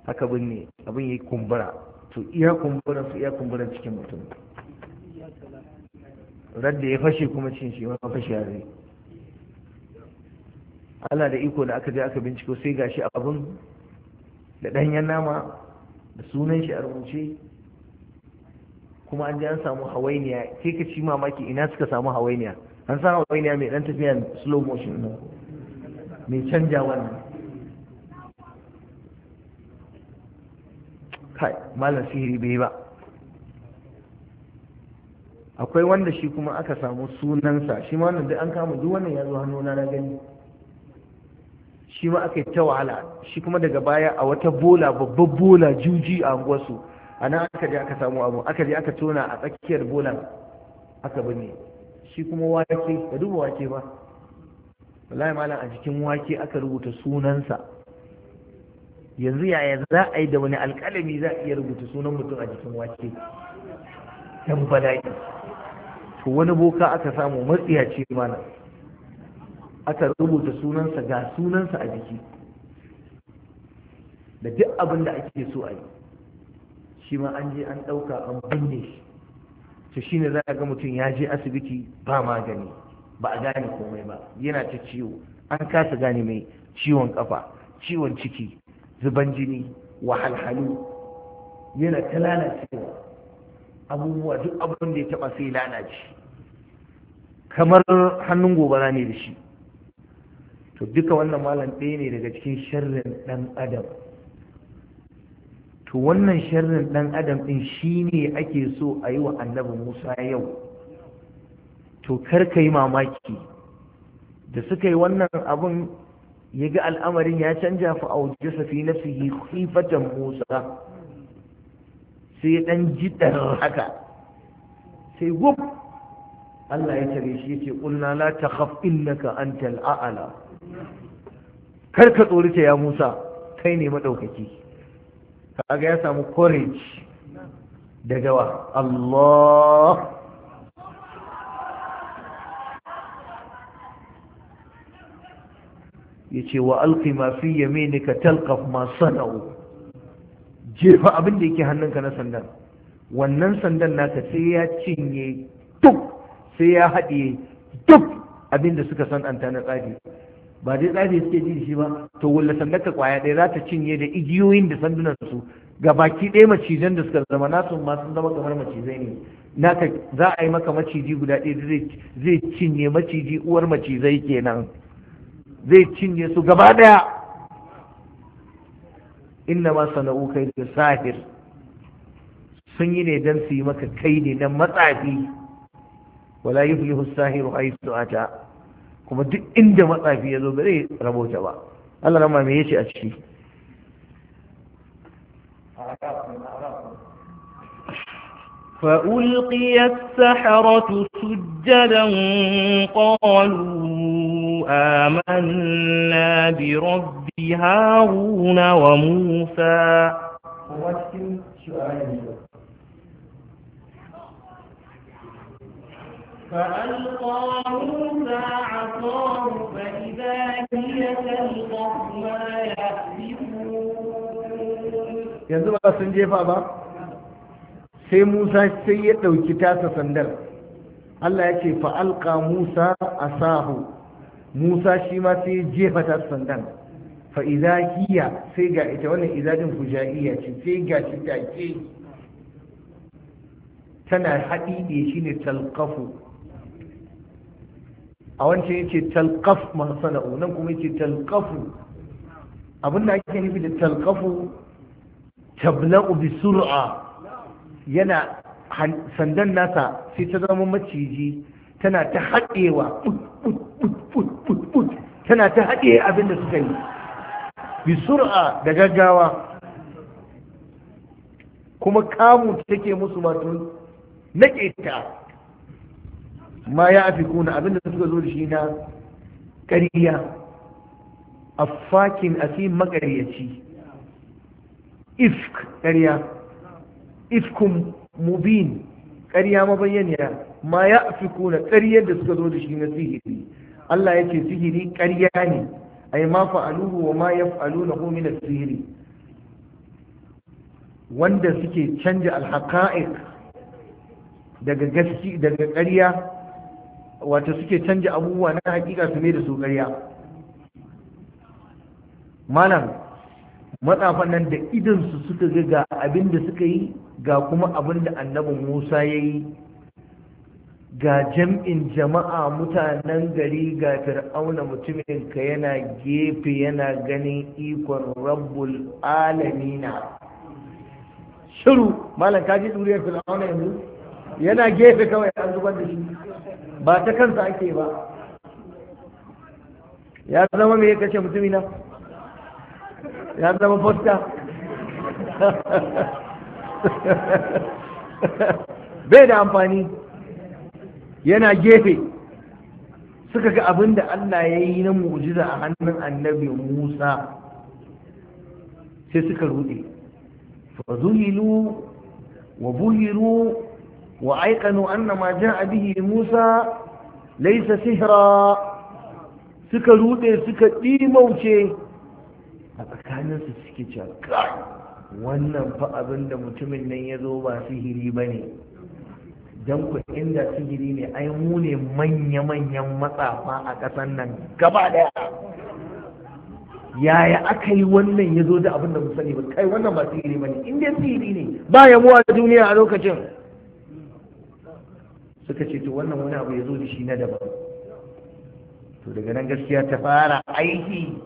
haka binne abin ya yi kumbura to iya kumbura su iya kumbura cikin mutum radda ya fashe kuma cin shi ma fashe ya zai Ana da iko da aka je aka binciko sai gashi abin da ɗanyen nama da sunan shi a rubuce kuma an je an samu hawainiya sai ka ci mamaki ina suka samu hawainiya an samu hawainiya mai ɗan tafiya slow motion ne, mai canja wannan kai malam sihiri bai ba akwai wanda shi kuma aka samu sunansa shi ma wannan duk an kama duk wannan ya zo hannuna na gani shi ma aka yi ta wahala shi kuma daga baya a wata bola babbar bola juji a anguwarsu a nan aka je aka samu abu aka je aka tona a tsakiyar bolan aka bane shi kuma wake da duba wake ba wallahi malam a jikin wake aka rubuta sunansa yanzu yaya za a yi da wani alƙalami za a iya rubuta sunan mutum a jikin wake dan bala'i to wani boka aka samu ce malam aka rubuta sunansa ga sunansa a jiki da duk abin da ake so a yi shi ma an je an ɗauka an binne shi to shi ne za a ga mutum ya je asibiti ba magani ba a gane komai ba yana ta ciwo an kasa gane mai ciwon kafa ciwon ciki zuban jini wahalhalu yana ta lalacewa abubuwa duk abin da ya taɓa sai lalace kamar hannun gobara ne da shi to duka wannan malam ɗaya ne daga cikin sharrin ɗan adam to wannan sharrin ɗan adam ɗin shi ne ake so a yi wa annabi musa yau to kar yi mamaki da suka yi wannan abin ya ga al'amarin ya canja fa a auji safi fi hifatan musa sai dan jidar haka sai gub Allah ya tare shi yace qulna la takhaf innaka antal a'la kar ka tsorata ya musa kai ne maɗaukaki kaga ya samu courage da gawa Allah ya ce wa alƙi mafi yamini ka talkaf masu sana'o jefa abin da yake hannunka na sandan wannan sandan naka sai ya cinye duk sai ya haɗe duk abinda da suka san'anta na tsari ba dai tsafi suke ji shi ba to wulla sandaka kwaya ɗaya za ta cinye da igiyoyin da sandunan su ga baki ɗaya macizan da suka zama nasu ma sun zama kamar macizai ne naka za a yi maka maciji guda ɗaya da zai cinye maciji uwar macizai kenan zai cinye su gaba ɗaya inna ma sana'u kai da sahir sun yi ne don su yi maka kai ne na matsafi wala yuflihu sahiru aisu ata kuma duk inda matsafi ya zo bare zai rabota ba Allah rama me yace a ciki فألقي السحرة سجدا قالوا آمنا برب هارون وموسى yanzu ba sun jefa ba sai Musa sai ya ɗauki tasa sandar Allah ya ce fa'alƙa Musa a sahu Musa shi ma sai ya jefa tasa sandar fa'iza sai ga ita wannan izajin fujaiya ce sai ga shi take tana haɗi ne shi ne talƙafu a wancan yace talqaf ma sana'u nan kuma yake talqafu abin da ake nufi da talqafu tabla'u bi sur'a yana sandan nasa sai ta zama maciji tana ta haɗewa tana ta haɗe abin da suka yi bi sur'a da gaggawa kuma kamu take musu wato na ta. ma ya afi kuna abinda suka zo da shi na a afakin asim makaryaci ifk ƙarya ifkum mubin ƙarya mabayyaniya ma ya afi kuna ƙaryar da suka zo da shi na sihiri Allah ya ce sihiri ƙarya ne ai ma fa'aluhu wa ma ya yaf'alunahu min as-sihiri wanda suke canja al daga gaski daga ƙarya wata suke canja abubuwa na hakika su ne da su ƙarya malam matsafan nan da idansu suka ga ga abin da suka yi ga kuma abin da annabi musa ya yi ga jam'in jama'a mutanen gari ga fir'auna mutumin ka yana gefe yana ganin ikon rabbul alamina shiru malam ka ji duriyar fir'auna yanzu yana gefe kawai an zubar da shi ba ta kansa ake ba ya zama mai kashe mutumina ya zama fosta *laughs* bai da amfani yana gefe suka ga abin da Allah ya yi na mu'jiza a hannun annabi Musa sai suka rude fa zuhilu wa buhiru وأيقنوا أن ما جاء به موسى ليس سهرا suka rude suka ɗimauce a tsakaninsu suke cewa wannan fa abin da mutumin nan ya zo ba sihiri ba ne don ku inda sihiri ne ai mu ne manya-manyan matsafa a ƙasan nan gaba ɗaya yaya aka yi wannan ya zo da abin da mu sani ba kai wannan ba sihiri ba ne inda sihiri ne ba yamuwa duniya a lokacin suka ce to wannan wani abu ya zo da shi na daban to daga nan gaskiya ta fara aiki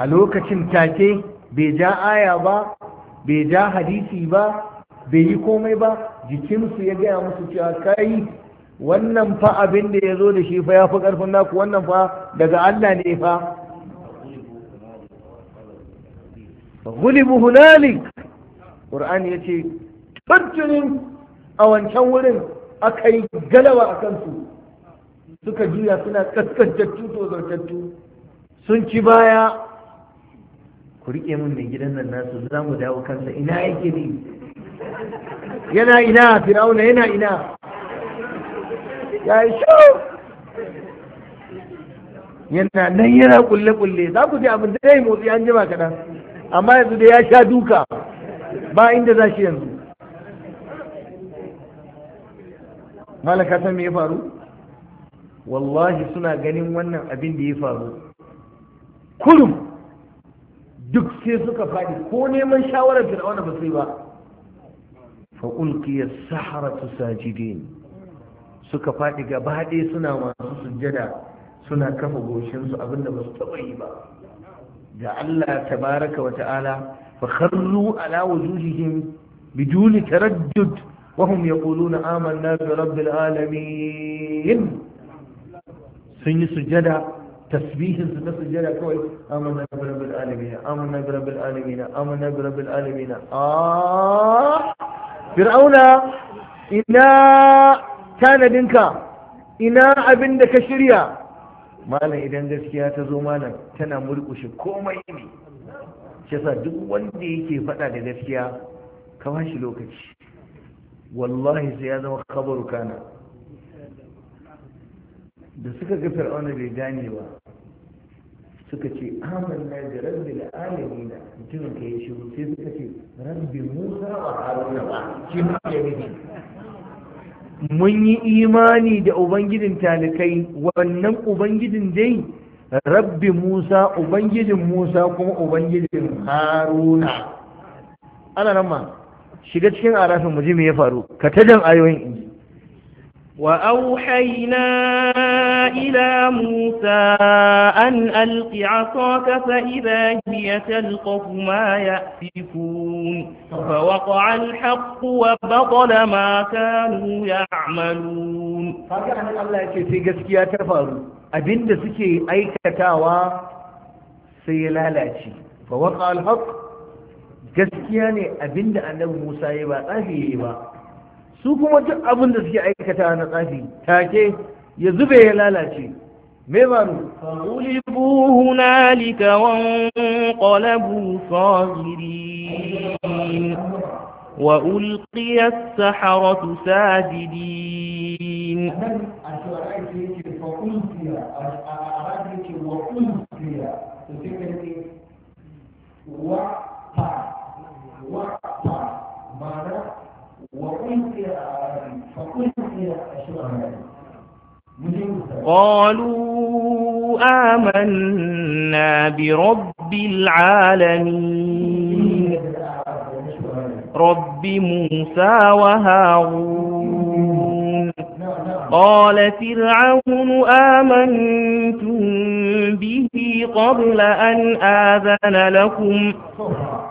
a lokacin take bai ja aya ba bai ja hadisi ba bai yi komai ba jikinsu ya gaya musu cewa kai wannan fa abin da ya zo da shi fa ya fi ƙarfin naku wannan fa daga Allah ne fa gulibu hunalik ƙur'ani ya ce tattunin a wancan wurin aka yi galawa a kansu suka juya suna tuto tozartattu sun ci baya ku riƙe min mai gidan nan nasu za mu dawo kansa ina yake ne yana ina fir'auna yana ina ya yi shau yana nan yana kulle-kulle za ku ji abin da ya yi motsi an jima kaɗan amma yanzu da ya sha duka ba inda za shi yanzu malaka san me ya faru wallahi suna ganin wannan abin da ya faru kurum duk sai suka faɗi ko neman shawarar fir'auna ba sai ba fa ulqiya saharatu sajidin suka faɗi gaba ɗaya suna masu sujjada suna kafa goshinsu abinda ba su taɓa yi ba ga Allah tabaraka wa ta'ala fa kharru ala wujuhihim biduni taraddud wahum yaquluna amanna bi rabbil sun yi sujada tasbihin su na sujada kawai amanna bi rabbil amanna bi rabbil amanna bi rabbil alamin ah! fir'auna ina tanadinka ina abin da ka shirya malam idan gaskiya ta zo malam tana murkushe komai ne shi duk wanda yake faɗa da gaskiya ka ba shi lokaci wallahi sai ya zama kabaru kana da suka ga fir'auna bai gane ba suka ce na da rabbil na mutumin ka yi shiru sai suka ce rabbi musa wa haruna ba shi ne miji mun yi imani da ubangijin talikai wannan ubangijin dai rabbi musa ubangijin musa kuma ubangijin haruna ana nan ma shiga cikin arafin mu ji me ya faru ka ta jan ayoyin in wa auhayna ila musa an alqi asaka fa idha hiya talqaf ma ya'fikun fa waqa'a al-haqq wa batala ma kanu ya'malun haka Allah yake sai gaskiya ta faru abinda suke aikatawa sai ya lalace fa gaskiya ne abinda annabi Musa ya ba tsafi ba su kuma duk abin da suke aikata na tsafi take ya zube ya lalace me baro fa'ulibu hunalika wa qalabu sahirin wa ulqiya as-saharatu sajidin قالوا آمنا برب العالمين رب موسى وهارون قال فرعون آمنتم به قبل أن آذن لكم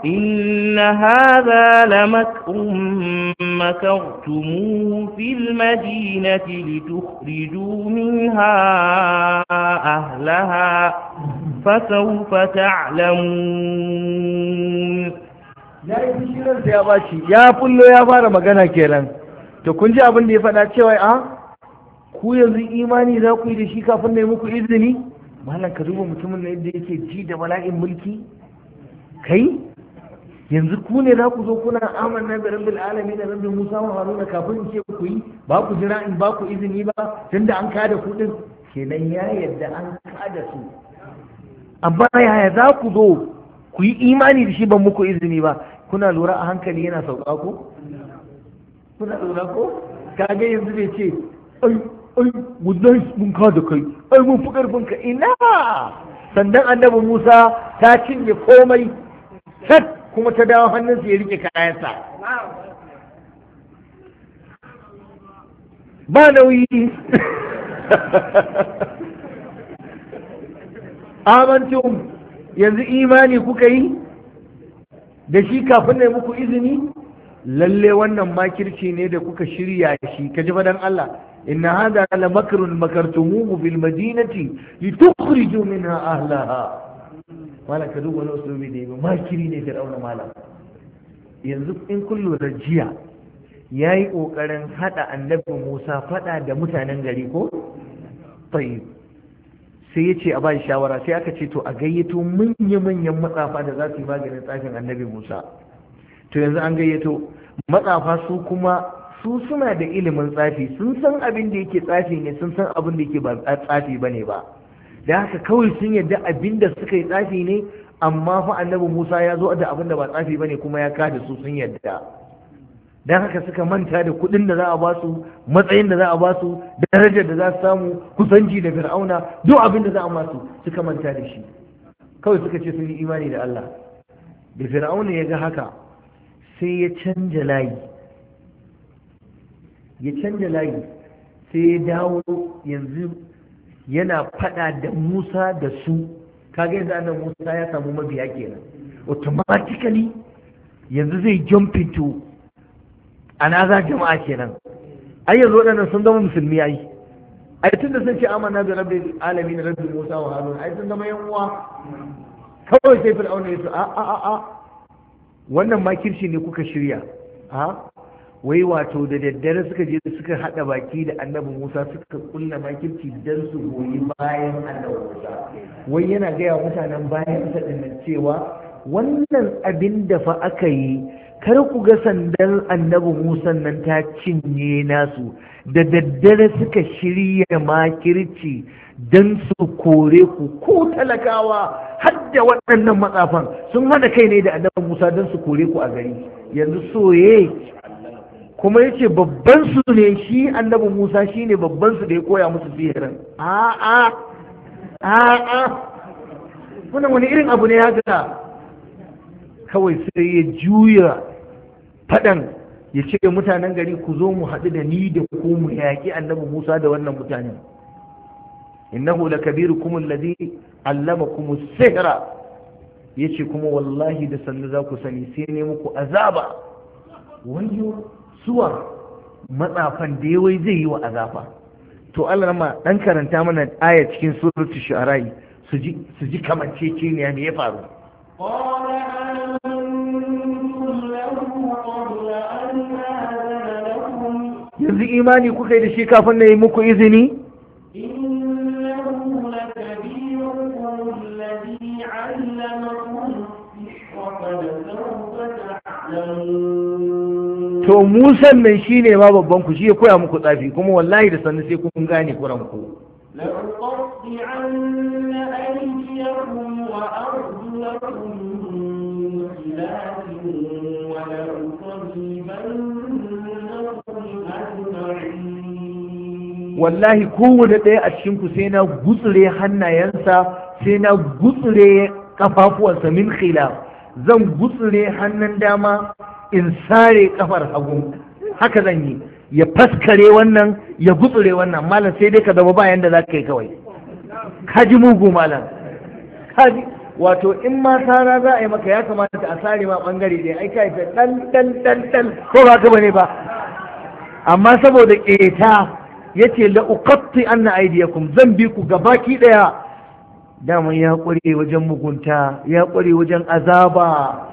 إن هذا لمكر مكرتموه في المدينة لتخرجوا منها أهلها فسوف تعلمون ya yi fushirinsa ya bashi ya fullo ya fara magana kenan to kun ji abin da ya faɗa cewa a ku yanzu imani za ku yi da shi kafin na yi muku izini malam ka duba mutumin da yadda yake ji da bala'in mulki kai yanzu ku ne za ku zo kuna amanna bi rabbil alamin da rabbil musa wa haruna kafin in ce ku yi ba ku jira in ba ku izini ba tunda an kada ku din kenan ya yadda an kada su amma yaya za ku zo ku yi imani da shi ban muku izini ba kuna lura a hankali yana sauka ko kuna lura ko kage yanzu bai ce ai wallahi mun ka da kai ai mun fi karfin ina sandan annabi Musa ta cinye komai sat kuma ta dawo hannunsa ya rike kayansa ba nauyi *laughs* amantum yanzu imani kuka yi da shi kafin na muku izini lalle wannan makirci ne da kuka shirya shi ka ji fadan Allah إن هذا لمكر مكرتموه في المدينة لتخرجوا منها أهلها مالا كدوب ولا أسلوبي دي ما كريني فرعون مالا ينزب إن كل رجيع yayi kokarin haɗa annabi Musa faɗa da mutanen gari ko tayyib sai ya ce a bai shawara sai aka ce to a gayyato manya-manyan matsafa da za su yi maganin tsafin annabi musa to yanzu an gayyato matsafa su kuma su suna da ilimin tsafi sun san abin da yake tsafi ne sun san abin da yake ba tsafi bane ba da haka kawai sun yadda abin da suka yi tsafi ne amma fa annabi Musa ya zo da abin da ba tsafi bane kuma ya kada su sun yadda dan haka suka manta da kuɗin da za a basu matsayin da za a basu darajar da za su samu kusanci da fir'auna duk abin da za a masu suka manta da shi kawai suka ce sun yi imani da Allah da fir'auna ya ga haka sai ya canja layi ya canja layi sai ya dawo yanzu yana fada da musa da su kaga yanzu annan musa ya samu mabiya kenan automatically yanzu zai jump into anaza jama'a kenan ai yanzu waɗannan sun zama musulmi ai ai tunda sun ce amana da rabbil alamin rabbil musa wa harun ai sun zama yanwa uwa kawai sai fir'auna ya ce a a a wannan makirci ne kuka shirya a wai wato da daddare suka je suka haɗa baki da annabi musa suka kulla makirci don su goyi bayan annabi musa wai yana gaya mutanen bayan nan cewa wannan abin da fa aka yi kar ku ga sandan annabi musa nan ta cinye nasu da daddare suka shirya makirci don su kore ku ko talakawa har da waɗannan matsafan sun hada kai ne da annabi musa don su kore ku a gari yanzu soye kuma yace babban su ne shi annabi Musa shine babban su da ya koya musu sihirin a'a a'a wannan wani irin abu ne haka kawai sai ya juya faɗan ya ce mutanen gari ku zo mu haɗu da ni da ku mu yaƙi annabi Musa da wannan mutanen innahu lakabirukum alladhi allamakum as-sihra yace kuma wallahi da sannu za ku sani sai ne muku azaba Suwar matsafan da ya wai zai yi wa azafa to Allah ma dan karanta mana aya cikin suratul shu'ara su ji su ji ne me ya faru yanzu imani kuka yi da shi kafin na yi muku izini to musan nan shine ma babban ku shi ya koya muku tsafi kuma wallahi da sannu sai kun gane kuran ku لأقطعن wallahi kowane ɗaya a cikin ku sai na gutsure hannayensa sai na gutsure kafafuwansa min khilaf zan gutsure hannun dama in sare kafar hagu haka zan yi ya faskare wannan ya gutsure wannan malam sai dai ka zama bayan da za ka yi kawai ka ji mugu malam kaji wato in ma sara za a yi maka ya kamata a sare ma bangare dai ai kai ta dan dan dan dan ko ba ka bane ba amma saboda keta yace la uqatti anna aydiyakum zan bi ku gabaki daya daman ya kware wajen mugunta ya kware wajen azaba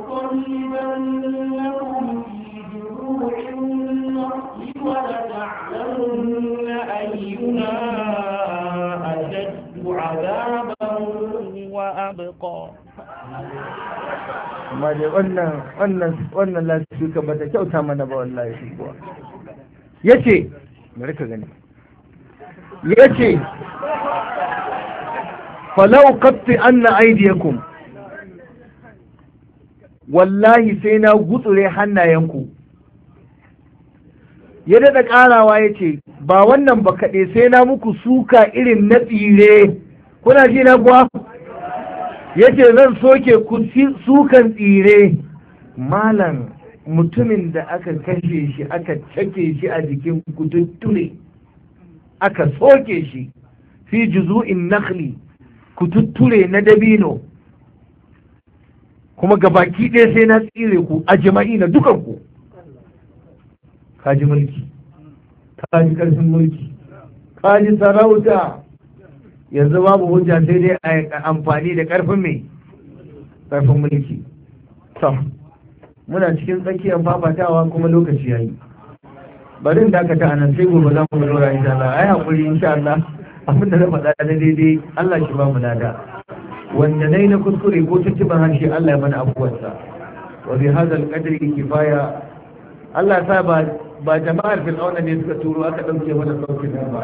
amma dai wannan wannan wannan lafiya ka bata kyauta mana ba wallahi shi kuwa yace bari ka gani yace falau qatti anna aydiyakum wallahi sai na gutsure hannayenku ya daɗa ƙarawa ya ce ba wannan ba kaɗe sai na muku suka irin na tsire kuna ji na kuwa yace zan soke kusi sukan tsire malam mutumin da aka kashe shi aka cake shi a jikin kututture aka soke shi fi juzu'in nakhli kututture na dabino kuma ga baki ɗaya sai na tsire ku a jima'i na dukan ku kaji mulki kaji karfin mulki kaji sarauta yanzu babu hujja sai dai a amfani da karfin mai karfin mulki to muna cikin tsakiyar fafatawa kuma lokaci yayi barin dakata a nan sai gobe za mu dora insha Allah ai hakuri insha Allah abin da na faɗa na daidai Allah shi ba mu lada wanda dai na kuskure ko tuntuban harshe Allah ya mana abubuwansa wa bi hadha al-qadri kifaya Allah sa ba ba jama'ar fir'auna ne suka turo aka dauke mana saukin ba